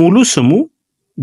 ሙሉ ስሙ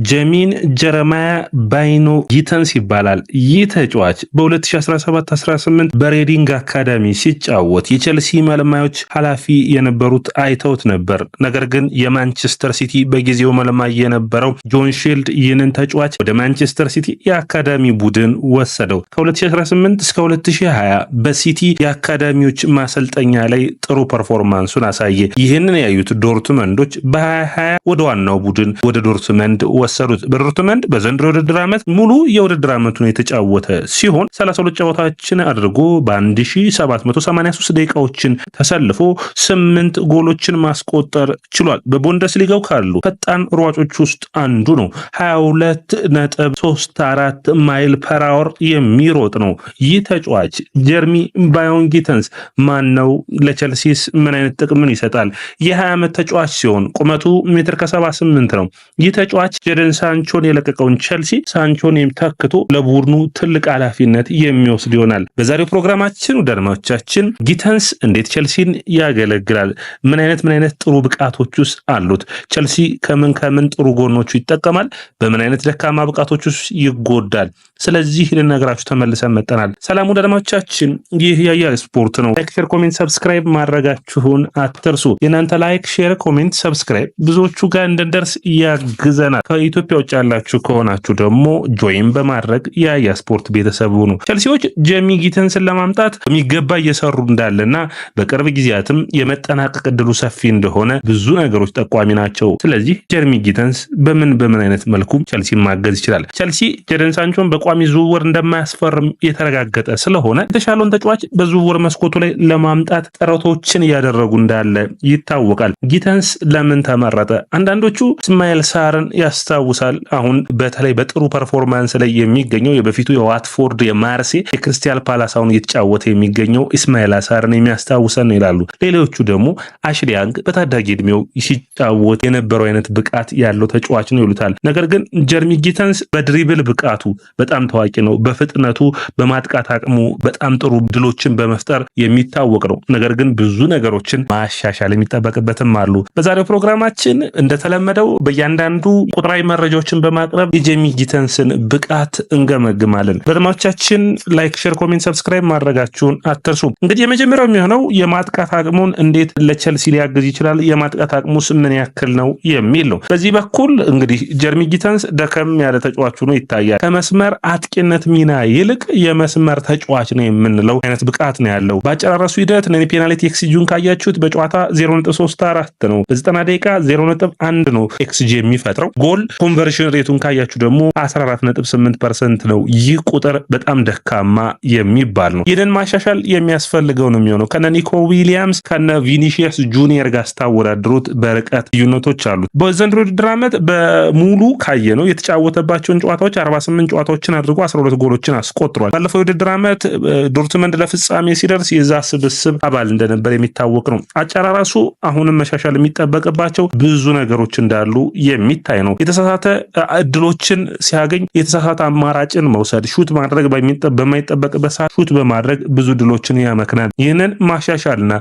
ጀሚን ጀረማያ ባይኖ ጊተንስ ይባላል። ይህ ተጫዋች በ2017-18 በሬዲንግ አካዳሚ ሲጫወት የቼልሲ መልማዮች ኃላፊ የነበሩት አይተውት ነበር። ነገር ግን የማንቸስተር ሲቲ በጊዜው መልማይ የነበረው ጆን ሺልድ ይህንን ተጫዋች ወደ ማንቸስተር ሲቲ የአካዳሚ ቡድን ወሰደው። ከ2018 እስከ 2020 በሲቲ የአካዳሚዎች ማሰልጠኛ ላይ ጥሩ ፐርፎርማንሱን አሳየ። ይህንን ያዩት ዶርትመንዶች በ2020 ወደ ዋናው ቡድን ወደ ዶርትመንድ ወሰዱት። በዶርትመንድ በዘንድሮ የውድድር ዓመት ሙሉ የውድድር ዓመቱን የተጫወተ ሲሆን 32 ጨዋታዎችን አድርጎ በ1783 ደቂቃዎችን ተሰልፎ ስምንት ጎሎችን ማስቆጠር ችሏል። በቡንደስሊጋው ካሉ ፈጣን ሯጮች ውስጥ አንዱ ነው። 22 ነጥብ 34 ማይል ፐር አወር የሚሮጥ ነው። ይህ ተጫዋች ጀርሚ ባዮንጊተንስ ማን ነው? ለቸልሲስ ምን አይነት ጥቅምን ይሰጣል? የ20 ዓመት ተጫዋች ሲሆን ቁመቱ ሜትር ከ78 ነው። ይህ ተጫዋች ኤደን ሳንቾን የለቀቀውን ቸልሲ ሳንቾን የሚታክቶ ለቡድኑ ትልቅ ኃላፊነት የሚወስድ ይሆናል። በዛሬው ፕሮግራማችን ውድ ጊተንስ እንዴት ቸልሲን ያገለግላል? ምን አይነት ምን አይነት ጥሩ ብቃቶች ውስጥ አሉት? ቸልሲ ከምን ከምን ጥሩ ጎኖቹ ይጠቀማል? በምን አይነት ደካማ ብቃቶች ውስጥ ይጎዳል? ስለዚህ ልነግራችሁ ተመልሰን መጠናል። ሰላም ወደ አድማጮቻችን፣ ይህ ያያል ስፖርት ነው። ላይክ፣ ሼር፣ ኮሜንት ሰብስክራይብ ማድረጋችሁን አትርሱ። የእናንተ ላይክ፣ ሼር፣ ኮሜንት ሰብስክራይብ ብዙዎቹ ጋር እንድንደርስ ያግዘናል። ከኢትዮጵያ ውጭ ያላችሁ ከሆናችሁ ደግሞ ጆይን በማድረግ የያያ ስፖርት ቤተሰቡ ነው። ቸልሲዎች ጀሚ ጊተንስን ለማምጣት በሚገባ እየሰሩ እንዳለና በቅርብ ጊዜያትም የመጠናቀቅ እድሉ ሰፊ እንደሆነ ብዙ ነገሮች ጠቋሚ ናቸው። ስለዚህ ጀርሚ ጊተንስ በምን በምን አይነት መልኩ ቸልሲ ማገዝ ይችላል? ቸልሲ ጀደን ሳንቾን በቋሚ ዝውውር እንደማያስፈርም የተረጋገጠ ስለሆነ የተሻለውን ተጫዋች በዝውውር መስኮቱ ላይ ለማምጣት ጥረቶችን እያደረጉ እንዳለ ይታወቃል። ጊተንስ ለምን ተመረጠ? አንዳንዶቹ እስማኤል ሳርን ያስታውሳል። አሁን በተለይ በጥሩ ፐርፎርማንስ ላይ የሚገኘው የበፊቱ የዋትፎርድ የማርሴ የክርስቲያል ፓላሳውን እየተጫወተ የሚገኘው እስማኤል ሳርን የሚያስታውሰን ነው ይላሉ። ሌሎቹ ደግሞ አሽሊ ያንግ በታዳጊ እድሜው ሲጫወት የነበረው አይነት ብቃት ያለው ተጫዋች ነው ይሉታል። ነገር ግን ጀርሚ ጊተንስ በድሪብል ብቃቱ በጣም በጣም ታዋቂ ነው። በፍጥነቱ በማጥቃት አቅሙ በጣም ጥሩ ድሎችን በመፍጠር የሚታወቅ ነው። ነገር ግን ብዙ ነገሮችን ማሻሻል የሚጠበቅበትም አሉ። በዛሬው ፕሮግራማችን እንደተለመደው በእያንዳንዱ ቁጥራዊ መረጃዎችን በማቅረብ የጄሚ ጊተንስን ብቃት እንገመግማለን። በድማቻችን ላይክ፣ ሼር፣ ኮሜንት፣ ሰብስክራይብ ማድረጋችሁን አትርሱ። እንግዲህ የመጀመሪያው የሚሆነው የማጥቃት አቅሙን እንዴት ለቸልሲ ሊያግዝ ይችላል፣ የማጥቃት አቅሙስ ምን ያክል ነው የሚል ነው። በዚህ በኩል እንግዲህ ጀርሚ ጊተንስ ደከም ያለ ተጫዋች ሆኖ ይታያል። ከመስመር ከአጥቂነት ሚና ይልቅ የመስመር ተጫዋች ነው የምንለው አይነት ብቃት ነው ያለው። በአጨራረሱ ሂደት ነኒ ፔናልቲ ኤክስጂውን ካያችሁት በጨዋታ 0.34 ነው፣ በ90 ደቂቃ 0.1 ነው ኤክስጂ የሚፈጥረው። ጎል ኮንቨርሽን ሬቱን ካያችሁ ደግሞ 14.8 ፐርሰንት ነው። ይህ ቁጥር በጣም ደካማ የሚባል ነው። ይህንን ማሻሻል የሚያስፈልገው ነው የሚሆነው ከነ ኒኮ ዊሊያምስ ከነ ቪኒሺየስ ጁኒየር ጋር ስታወዳድሩት በርቀት ልዩነቶች አሉት። በዘንድሮ ውድድር ዓመት በሙሉ ካየ ነው የተጫወተባቸውን ጨዋታዎች 48 ጨዋታዎችን ጨዋታዎችን አድርጎ 12 ጎሎችን አስቆጥሯል። ባለፈው የውድድር ዓመት ዶርትመንድ ለፍጻሜ ሲደርስ የዛ ስብስብ አባል እንደነበር የሚታወቅ ነው። አጨራራሱ አሁንም መሻሻል የሚጠበቅባቸው ብዙ ነገሮች እንዳሉ የሚታይ ነው። የተሳሳተ እድሎችን ሲያገኝ የተሳሳተ አማራጭን መውሰድ፣ ሹት ማድረግ በማይጠበቅበት ሰዓት ሹት በማድረግ ብዙ ድሎችን ያመክናል። ይህንን ማሻሻልና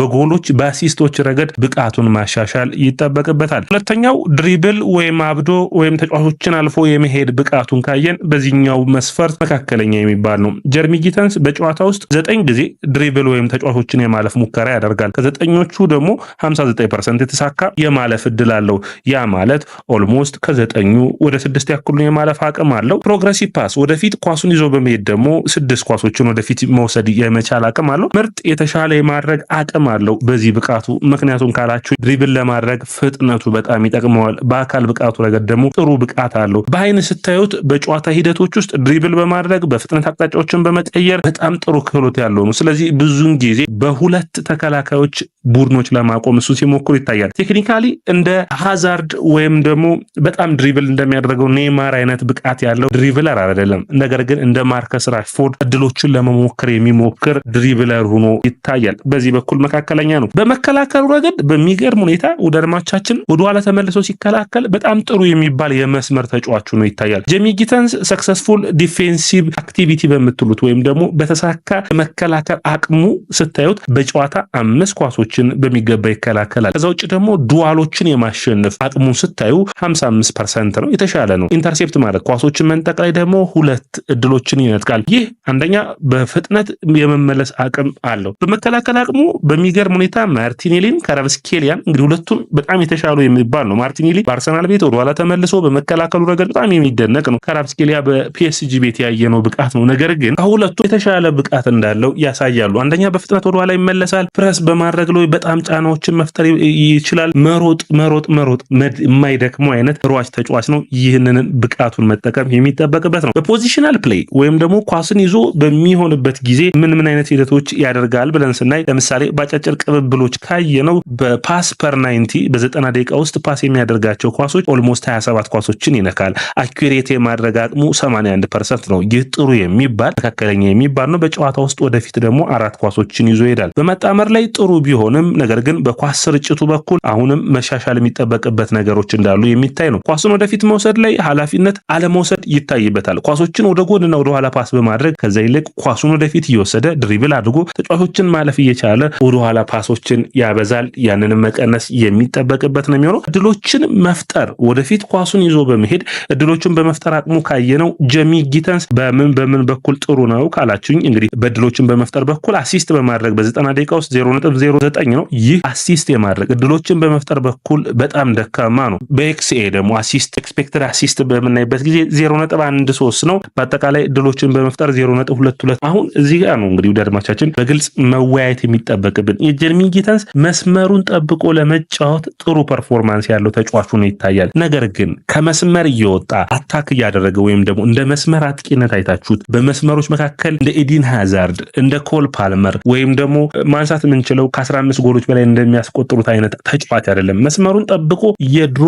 በጎሎች በአሲስቶች ረገድ ብቃቱን ማሻሻል ይጠበቅበታል። ሁለተኛው ድሪብል ወይም አብዶ ወይም ተጫዋቾችን አልፎ የመሄድ ብቃቱን ካየን በዚህ ከዚህኛው መስፈርት መካከለኛ የሚባል ነው። ጀርሚ ጊተንስ በጨዋታ ውስጥ ዘጠኝ ጊዜ ድሪብል ወይም ተጫዋቾችን የማለፍ ሙከራ ያደርጋል። ከዘጠኞቹ ደግሞ 59 ፐርሰንት የተሳካ የማለፍ እድል አለው። ያ ማለት ኦልሞስት ከዘጠኙ ወደ ስድስት ያክሉን የማለፍ አቅም አለው። ፕሮግረሲቭ ፓስ ወደፊት ኳሱን ይዞ በመሄድ ደግሞ ስድስት ኳሶችን ወደፊት መውሰድ የመቻል አቅም አለው። ምርጥ የተሻለ የማድረግ አቅም አለው በዚህ ብቃቱ። ምክንያቱም ካላችሁ ድሪብል ለማድረግ ፍጥነቱ በጣም ይጠቅመዋል። በአካል ብቃቱ ረገድ ደግሞ ጥሩ ብቃት አለው። በአይን ስታዩት በጨዋታ ሂደት ጨዋታዎች ውስጥ ድሪብል በማድረግ በፍጥነት አቅጣጫዎችን በመቀየር በጣም ጥሩ ክህሎት ያለው ነው። ስለዚህ ብዙን ጊዜ በሁለት ተከላካዮች ቡድኖች ለማቆም እሱ ሲሞክሩ ይታያል። ቴክኒካሊ እንደ ሃዛርድ ወይም ደግሞ በጣም ድሪብል እንደሚያደርገው ኔማር አይነት ብቃት ያለው ድሪብለር አይደለም። ነገር ግን እንደ ማርከስ ራሽፎርድ እድሎችን ለመሞከር የሚሞክር ድሪብለር ሆኖ ይታያል። በዚህ በኩል መካከለኛ ነው። በመከላከሉ ረገድ በሚገርም ሁኔታ አድማቻችን ወደኋላ ተመልሶ ሲከላከል በጣም ጥሩ የሚባል የመስመር ተጫዋቹ ነው ይታያል። ጄሚ ጊተንስ ሰክሰስፉል ዲፌንሲቭ አክቲቪቲ በምትሉት ወይም ደግሞ በተሳካ መከላከል አቅሙ ስታዩት በጨዋታ አምስት ኳሶች ችግሮችን በሚገባ ይከላከላል። ከዛ ውጭ ደግሞ ዱዋሎችን የማሸነፍ አቅሙን ስታዩ 55 ፐርሰንት ነው፣ የተሻለ ነው። ኢንተርሴፕት ማለት ኳሶችን መንጠቅ ላይ ደግሞ ሁለት እድሎችን ይነጥቃል። ይህ አንደኛ በፍጥነት የመመለስ አቅም አለው። በመከላከል አቅሙ በሚገርም ሁኔታ ማርቲኔሊን ካራቫስኬሊያን እንግዲህ ሁለቱም በጣም የተሻሉ የሚባል ነው። ማርቲኔሊ በአርሰናል ቤት ወደኋላ ተመልሶ በመከላከሉ ረገድ በጣም የሚደነቅ ነው። ከራብስኬሊያ በፒኤስጂ ቤት ያየነው ብቃት ነው። ነገር ግን ከሁለቱ የተሻለ ብቃት እንዳለው ያሳያሉ። አንደኛ በፍጥነት ወደኋላ ይመለሳል። ፕረስ በማድረግ ላይ በጣም ጫናዎችን መፍጠር ይችላል። መሮጥ መሮጥ መሮጥ የማይደክመው አይነት ሯጭ ተጫዋች ነው። ይህንን ብቃቱን መጠቀም የሚጠበቅበት ነው። በፖዚሽናል ፕሌይ ወይም ደግሞ ኳስን ይዞ በሚሆንበት ጊዜ ምን ምን አይነት ሂደቶች ያደርጋል ብለን ስናይ ለምሳሌ በአጫጭር ቅብብሎች ካየነው በፓስ ፐር ናይንቲ በዘጠና ደቂቃ ውስጥ ፓስ የሚያደርጋቸው ኳሶች ኦልሞስት 27 ኳሶችን ይነካል። አኩሬት የማድረግ አቅሙ 81 ፐርሰንት ነው። ይህ ጥሩ የሚባል መካከለኛ የሚባል ነው። በጨዋታ ውስጥ ወደፊት ደግሞ አራት ኳሶችን ይዞ ይሄዳል። በመጣመር ላይ ጥሩ ቢሆን አሁንም ነገር ግን በኳስ ስርጭቱ በኩል አሁንም መሻሻል የሚጠበቅበት ነገሮች እንዳሉ የሚታይ ነው። ኳሱን ወደፊት መውሰድ ላይ ኃላፊነት አለመውሰድ ይታይበታል። ኳሶችን ወደ ጎንና ወደ ኋላ ፓስ በማድረግ ከዛ ይልቅ ኳሱን ወደፊት እየወሰደ ድሪብል አድርጎ ተጫዋቾችን ማለፍ እየቻለ ወደኋላ ፓሶችን ያበዛል። ያንንም መቀነስ የሚጠበቅበት ነው የሚሆነው። እድሎችን መፍጠር ወደፊት ኳሱን ይዞ በመሄድ እድሎችን በመፍጠር አቅሙ ካየነው ጀሚ ጊተንስ በምን በምን በኩል ጥሩ ነው ካላችሁኝ እንግዲህ በእድሎችን በመፍጠር በኩል አሲስት በማድረግ በዘጠና ደቂቃ ውስጥ 0.09 ዘጠኝ ነው። ይህ አሲስት የማድረግ እድሎችን በመፍጠር በኩል በጣም ደካማ ነው። በኤክስኤ ደግሞ አሲስት ኤክስፔክተር አሲስት በምናይበት ጊዜ ዜሮ ነጥብ አንድ ሶስት ነው። በአጠቃላይ እድሎችን በመፍጠር ዜሮ ነጥብ ሁለት ሁለት አሁን እዚህ ጋር ነው እንግዲህ ወደ አድማቻችን በግልጽ መወያየት የሚጠበቅብን የጀርሚ ጌተንስ መስመሩን ጠብቆ ለመጫወት ጥሩ ፐርፎርማንስ ያለው ተጫዋች ሆኖ ይታያል። ነገር ግን ከመስመር እየወጣ አታክ እያደረገ ወይም ደግሞ እንደ መስመር አጥቂነት አይታችሁት በመስመሮች መካከል እንደ ኤዲን ሃዛርድ እንደ ኮል ፓልመር ወይም ደግሞ ማንሳት የምንችለው ከአስራ ከአምስት ጎሎች በላይ እንደሚያስቆጥሩት አይነት ተጫዋች አይደለም። መስመሩን ጠብቆ የድሮ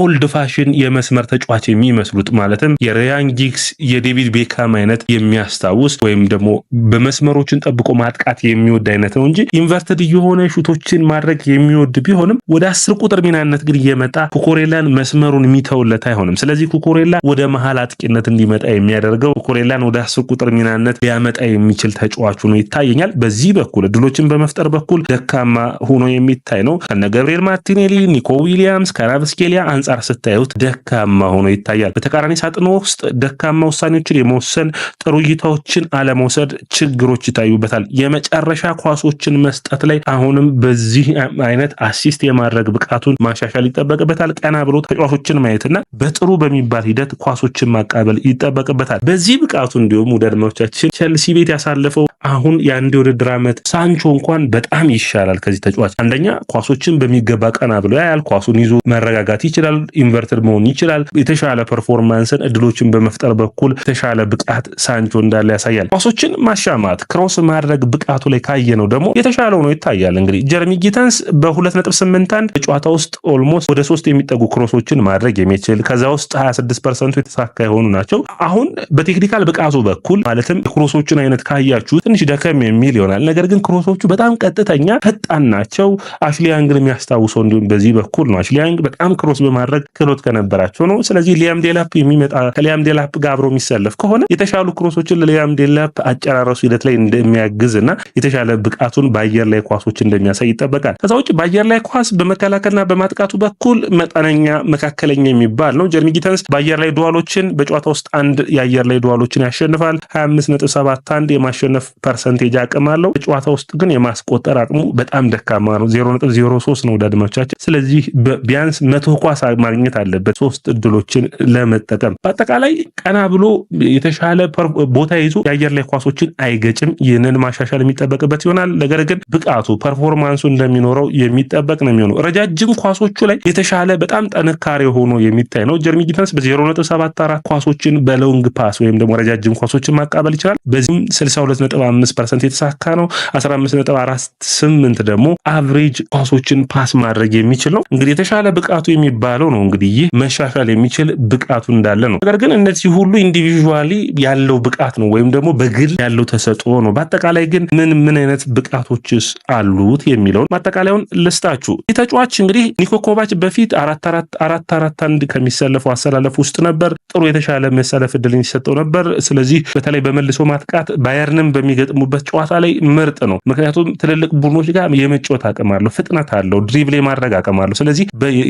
ኦልድ ፋሽን የመስመር ተጫዋች የሚመስሉት ማለትም የሪያን ጊግስ የዴቪድ ቤካም አይነት የሚያስታውስ ወይም ደግሞ በመስመሮችን ጠብቆ ማጥቃት የሚወድ አይነት ነው እንጂ ኢንቨርትድ የሆነ ሹቶችን ማድረግ የሚወድ ቢሆንም ወደ አስር ቁጥር ሚናነት ግን እየመጣ ኩኮሬላን መስመሩን የሚተውለት አይሆንም። ስለዚህ ኩኮሬላ ወደ መሀል አጥቂነት እንዲመጣ የሚያደርገው ኩኮሬላን ወደ አስር ቁጥር ሚናነት ሊያመጣ የሚችል ተጫዋቹ ነው ይታየኛል። በዚህ በኩል እድሎችን በመፍጠር በኩል ደካ ደካማ ሆኖ የሚታይ ነው። ከነ ገብርኤል ማርቲኔሊ፣ ኒኮ ዊሊያምስ፣ ከራቭስኬሊያ አንጻር ስታዩት ደካማ ሆኖ ይታያል። በተቃራኒ ሳጥኖ ውስጥ ደካማ ውሳኔዎችን የመወሰን ጥሩ እይታዎችን አለመውሰድ ችግሮች ይታዩበታል። የመጨረሻ ኳሶችን መስጠት ላይ አሁንም በዚህ አይነት አሲስት የማድረግ ብቃቱን ማሻሻል ይጠበቅበታል። ቀና ብሎ ተጫዋቾችን ማየትና በጥሩ በሚባል ሂደት ኳሶችን ማቃበል ይጠበቅበታል። በዚህ ብቃቱ እንዲሁም ውድ አድማጮቻችን ቼልሲ ቤት ያሳለፈው አሁን የአንድ የውድድር ዓመት ሳንቾ እንኳን በጣም ይሻል ይቻላል ከዚህ ተጫዋች። አንደኛ ኳሶችን በሚገባ ቀና ብሎ ያያል። ኳሱን ይዞ መረጋጋት ይችላል። ኢንቨርትድ መሆን ይችላል። የተሻለ ፐርፎርማንስን፣ እድሎችን በመፍጠር በኩል የተሻለ ብቃት ሳንቾ እንዳለ ያሳያል። ኳሶችን ማሻማት፣ ክሮስ ማድረግ ብቃቱ ላይ ካየ ነው ደግሞ የተሻለው ነው ይታያል። እንግዲህ ጀርሚ ጊተንስ በ2.81 በጨዋታ ውስጥ ኦልሞስት ወደ ሶስት የሚጠጉ ክሮሶችን ማድረግ የሚችል ከዛ ውስጥ 26 ፐርሰንቱ የተሳካ የሆኑ ናቸው። አሁን በቴክኒካል ብቃቱ በኩል ማለትም የክሮሶችን አይነት ካያችሁ ትንሽ ደከም የሚል ይሆናል። ነገር ግን ክሮሶቹ በጣም ቀጥተኛ ፈጣን ናቸው። አሽሊ የሚያስታውሰው እንዲሁም በዚህ በኩል ነው። አሽሊያንግ በጣም ክሮስ በማድረግ ክህሎት ከነበራቸው ነው። ስለዚህ ሊያም ዴላፕ የሚመጣ ከሊያም ዴላፕ ጋር አብሮ የሚሰለፍ ከሆነ የተሻሉ ክሮሶችን ለሊያም ዴላፕ አጨራረሱ ሂደት ላይ እንደሚያግዝ እና የተሻለ ብቃቱን በአየር ላይ ኳሶች እንደሚያሳይ ይጠበቃል። ከዛ ውጭ በአየር ላይ ኳስ በመከላከልና በማጥቃቱ በኩል መጠነኛ መካከለኛ የሚባል ነው። ጀርሚ ጊተንስ በአየር ላይ ድዋሎችን በጨዋታ ውስጥ አንድ የአየር ላይ ድዋሎችን ያሸንፋል። 25.71 የማሸነፍ ፐርሰንቴጅ አቅም አለው። በጨዋታ ውስጥ ግን የማስቆጠር አቅሙ በጣም ደካማ ነው። ዜሮ ነጥብ ዜሮ ሶስት ነው ወዳድማቻችን። ስለዚህ ቢያንስ መቶ ኳስ ማግኘት አለበት ሶስት እድሎችን ለመጠቀም በአጠቃላይ ቀና ብሎ የተሻለ ቦታ ይዞ የአየር ላይ ኳሶችን አይገጭም። ይህንን ማሻሻል የሚጠበቅበት ይሆናል። ነገር ግን ብቃቱ ፐርፎርማንሱ እንደሚኖረው የሚጠበቅ ነው የሚሆነው። ረጃጅም ኳሶቹ ላይ የተሻለ በጣም ጠንካሬ ሆኖ የሚታይ ነው። ጀርሚ ጊተንስ በዜሮ ነጥብ ሰባት አራት ኳሶችን በሎንግ ፓስ ወይም ደግሞ ረጃጅም ኳሶችን ማቃበል ይችላል። በዚህም 62.5 ፐርሰንት የተሳካ ነው። ስምንት ስምንት ደግሞ አቨሬጅ ኳሶችን ፓስ ማድረግ የሚችል ነው። እንግዲህ የተሻለ ብቃቱ የሚባለው ነው እንግዲህ ይህ መሻሻል የሚችል ብቃቱ እንዳለ ነው። ነገር ግን እነዚህ ሁሉ ኢንዲቪዥዋሊ ያለው ብቃት ነው ወይም ደግሞ በግል ያለው ተሰጥኦ ነው። በአጠቃላይ ግን ምን ምን አይነት ብቃቶችስ አሉት የሚለውን ማጠቃለያውን ልስታችሁ። ይህ ተጫዋች እንግዲህ ኒኮ ኮቫች በፊት አራት አራት አራት አራት አንድ ከሚሰለፈው አሰላለፍ ውስጥ ነበር። ጥሩ የተሻለ መሰለፍ እድል የሚሰጠው ነበር። ስለዚህ በተለይ በመልሶ ማጥቃት ባየርንም በሚገጥሙበት ጨዋታ ላይ ምርጥ ነው። ምክንያቱም ትልልቅ ቡድኖች ጋር በጣም የመጫወት አቅም አለው፣ ፍጥነት አለው፣ ድሪብል የማድረግ አቅም አለው። ስለዚህ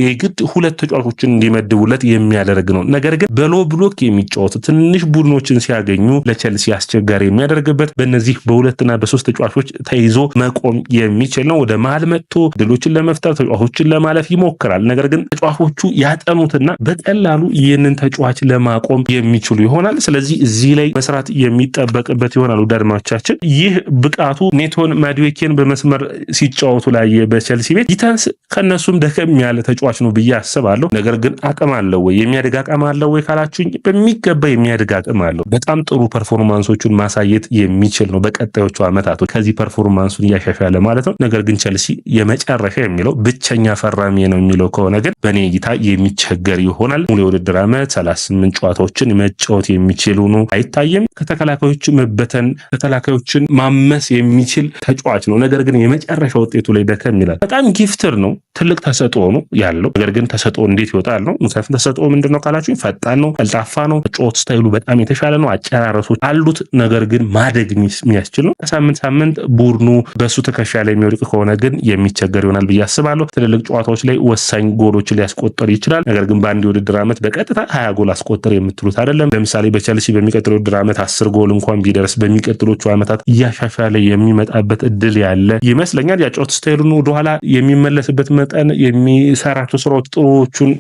የግድ ሁለት ተጫዋቾችን እንዲመድቡለት የሚያደርግ ነው። ነገር ግን በሎ ብሎክ የሚጫወቱ ትንሽ ቡድኖችን ሲያገኙ ለቸልሲ አስቸጋሪ የሚያደርግበት በእነዚህ በሁለትና በሶስት ተጫዋቾች ተይዞ መቆም የሚችል ነው። ወደ መሀል መጥቶ ድሎችን ለመፍጠር ተጫዋቾችን ለማለፍ ይሞክራል። ነገር ግን ተጫዋቾቹ ያጠኑትና በቀላሉ ይህንን ተጫዋች ለማቆም የሚችሉ ይሆናል። ስለዚህ እዚህ ላይ መስራት የሚጠበቅበት ይሆናል። ውድ አድማጮቻችን ይህ ብቃቱ ኔቶን ማድዌኬን በመስመር ሲጫወቱ ላይ በቸልሲ ቤት ጊተንስ ከእነሱም ደከም ያለ ተጫዋች ነው ብዬ አስባለሁ። ነገር ግን አቅም አለው ወይ የሚያድግ አቅም አለው ወይ ካላችሁኝ በሚገባ የሚያድግ አቅም አለው። በጣም ጥሩ ፐርፎርማንሶቹን ማሳየት የሚችል ነው። በቀጣዮቹ ዓመታቶች ከዚህ ፐርፎርማንሱን እያሻሻለ ማለት ነው። ነገር ግን ቸልሲ የመጨረሻ የሚለው ብቸኛ ፈራሚ ነው የሚለው ከሆነ ግን በእኔ እይታ የሚቸገር ይሆናል። ሙሉ የውድድር ዓመት ሰላሳ ስምንት ጨዋታዎችን መጫወት የሚችሉ ነው አይታየም። ከተከላካዮች መበተን፣ ተከላካዮችን ማመስ የሚችል ተጫዋች ነው። ነገር ግን መጨረሻ ውጤቱ ላይ ደከም ይላል። በጣም ጊፍትር ነው፣ ትልቅ ተሰጥኦ ነው ያለው። ነገር ግን ተሰጥኦ እንዴት ይወጣል ነው። ሙሳፊር ተሰጥኦ ምንድነው ነው ካላችሁኝ፣ ፈጣን ነው፣ ቀልጣፋ ነው፣ ጮት ስታይሉ በጣም የተሻለ ነው፣ አጨራረሶች አሉት። ነገር ግን ማደግ የሚያስችል ነው። ከሳምንት ሳምንት ቡድኑ በሱ ትከሻ ላይ የሚወድቅ ከሆነ ግን የሚቸገር ይሆናል ብዬ አስባለሁ። ትልልቅ ጨዋታዎች ላይ ወሳኝ ጎሎችን ሊያስቆጠር ይችላል። ነገር ግን በአንድ የውድድር ዓመት በቀጥታ ሀያ ጎል አስቆጠር የምትሉት አይደለም። ለምሳሌ በቸልሲ በሚቀጥለው ውድድር ዓመት አስር ጎል እንኳን ቢደርስ በሚቀጥሎቹ ዓመታት እያሻሻለ የሚመጣበት እድል ያለ ይመስል ይመስለኛል። የጨዋታ ስታይሉን ወደኋላ የሚመለስበት መጠን፣ የሚሰራቸው ስራዎች፣ ጥሩዎቹን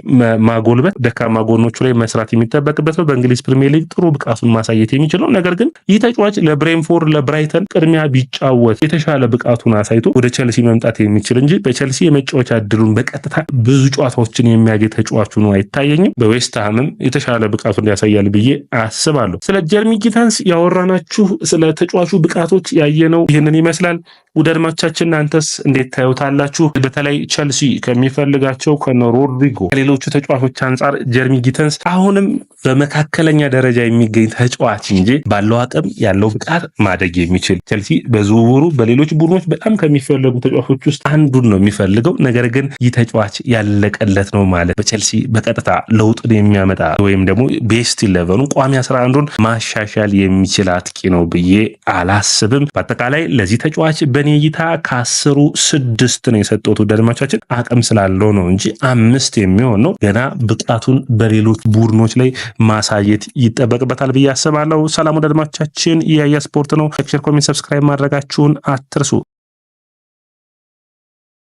ማጎልበት፣ ደካማ ጎኖቹ ላይ መስራት የሚጠበቅበት ነው። በእንግሊዝ ፕሪሚየር ሊግ ጥሩ ብቃቱን ማሳየት የሚችለው ነገር ግን ይህ ተጫዋች ለብሬንፎርድ ለብራይተን ቅድሚያ ቢጫወት የተሻለ ብቃቱን አሳይቶ ወደ ቸልሲ መምጣት የሚችል እንጂ በቸልሲ የመጫወቻ እድሉን በቀጥታ ብዙ ጨዋታዎችን የሚያገኝ ተጫዋቹ ነው አይታየኝም። በዌስትሃምም የተሻለ ብቃቱን ያሳያል ብዬ አስባለሁ። ስለ ጀርሚ ጊታንስ ያወራናችሁ ስለ ተጫዋቹ ብቃቶች ያየነው ይህንን ይመስላል። ውድ አድማቻችን እናንተስ እንዴት ታዩታላችሁ? በተለይ ቸልሲ ከሚፈልጋቸው ከነ ከሌሎቹ ተጫዋቾች አንጻር ጀርሚ ጊተንስ አሁንም በመካከለኛ ደረጃ የሚገኝ ተጫዋች እንጂ ባለው አቅም ያለው ብቃት ማደግ የሚችል ቸልሲ በዝውውሩ በሌሎች ቡድኖች በጣም ከሚፈለጉ ተጫዋቾች ውስጥ አንዱን ነው የሚፈልገው። ነገር ግን ይህ ተጫዋች ያለቀለት ነው ማለት በቸልሲ በቀጥታ ለውጥን የሚያመጣ ወይም ደግሞ ቤስት ኢለቨኑ ቋሚ አስራ አንዱን ማሻሻል የሚችል አጥቂ ነው ብዬ አላስብም። በአጠቃላይ ለዚህ ተጫዋች በኔ እይታ ከአስሩ ስድስት ነው የሰጡት። ደድማቻችን አቅም ስላለው ነው እንጂ አምስት የሚሆን ነው። ገና ብቃቱን በሌሎች ቡድኖች ላይ ማሳየት ይጠበቅበታል ብዬ አስባለሁ። ሰላም ወዳድማቻችን ስፖርት ነው። ሌክቸር፣ ኮሜንት፣ ሰብስክራይብ ማድረጋችሁን አትርሱ።